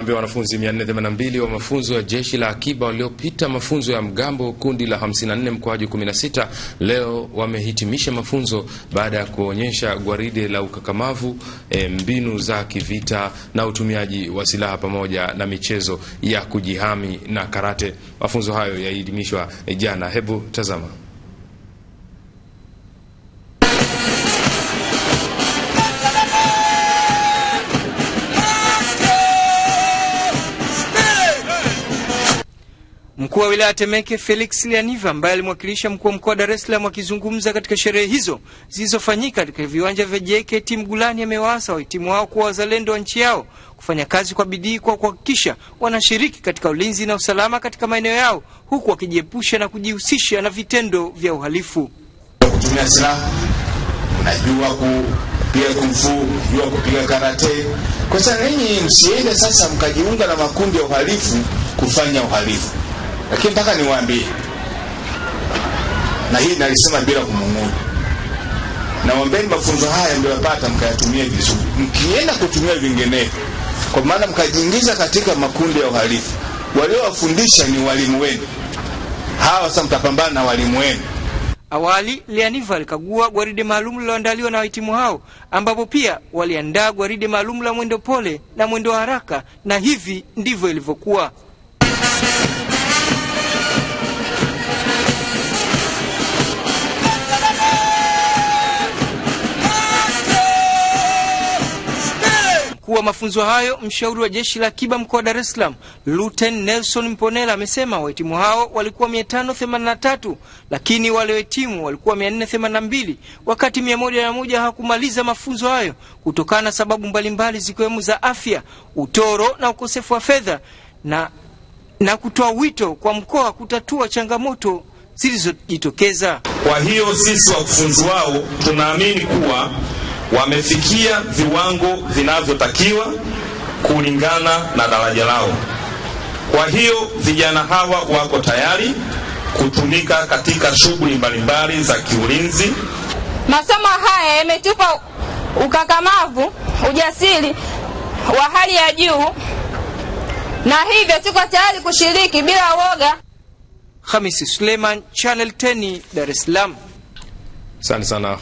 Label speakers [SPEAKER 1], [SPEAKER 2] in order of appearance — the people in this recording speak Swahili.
[SPEAKER 1] Ambia wanafunzi 482 wa mafunzo ya jeshi la akiba waliopita mafunzo ya mgambo kundi la 54 mkoaji 16 leo wamehitimisha mafunzo baada ya kuonyesha gwaride la ukakamavu, eh, mbinu za kivita na utumiaji wa silaha pamoja na michezo ya kujihami na karate. Mafunzo hayo yahitimishwa jana. Hebu tazama.
[SPEAKER 2] Mkuu wa wilaya Temeke Felix Lianiva ambaye alimwakilisha mkuu wa mkoa wa Dar es Salaam akizungumza katika sherehe hizo zilizofanyika katika viwanja vya JKT Mgulani amewaasa wahitimu wao kuwa wazalendo wa nchi yao, kufanya kazi kwa bidii kwa kuhakikisha wanashiriki katika ulinzi na usalama katika maeneo yao, huku wakijiepusha na kujihusisha na vitendo vya uhalifu.
[SPEAKER 3] Kutumia silaha, unajua kupiga kumfu, unajua kupiga karate. Kwa sasa nyinyi msiende sasa mkajiunga na makundi ya uhalifu kufanya uhalifu lakini mpaka niwaambie, na hii nalisema bila kumung'una, nawaambeni mafunzo haya mliyopata mkayatumia vizuri. Mkienda kutumia vinginevyo, kwa maana mkajiingiza katika makundi ya uhalifu, waliowafundisha ni walimu wenu hawa. Sasa mtapambana na walimu wenu.
[SPEAKER 2] Awali leaniva alikagua gwaride maalum liloandaliwa na wahitimu hao, ambapo pia waliandaa gwaride maalum la mwendo pole na mwendo wa haraka, na hivi ndivyo ilivyokuwa. mkuu wa mafunzo hayo, mshauri wa jeshi la akiba mkoa wa Dar es Salaam Luten Nelson Mponela amesema wahitimu hao walikuwa 583 lakini waliohitimu walikuwa 482 wakati 101 hawakumaliza mafunzo hayo kutokana na sababu mbalimbali zikiwemo za afya, utoro na ukosefu wa fedha na, na kutoa wito kwa mkoa kutatua changamoto zilizojitokeza.
[SPEAKER 4] Kwa hiyo sisi wakufunzi wao tunaamini kuwa wamefikia viwango vinavyotakiwa kulingana na daraja lao. Kwa hiyo vijana hawa wako tayari kutumika katika shughuli mbalimbali za kiulinzi.
[SPEAKER 5] Masomo haya yametupa ukakamavu, ujasiri wa hali ya juu, na hivyo tuko tayari kushiriki bila woga.
[SPEAKER 2] Hamisi Suleiman, Channel 10, Dar es Salaam.
[SPEAKER 6] Asante sana.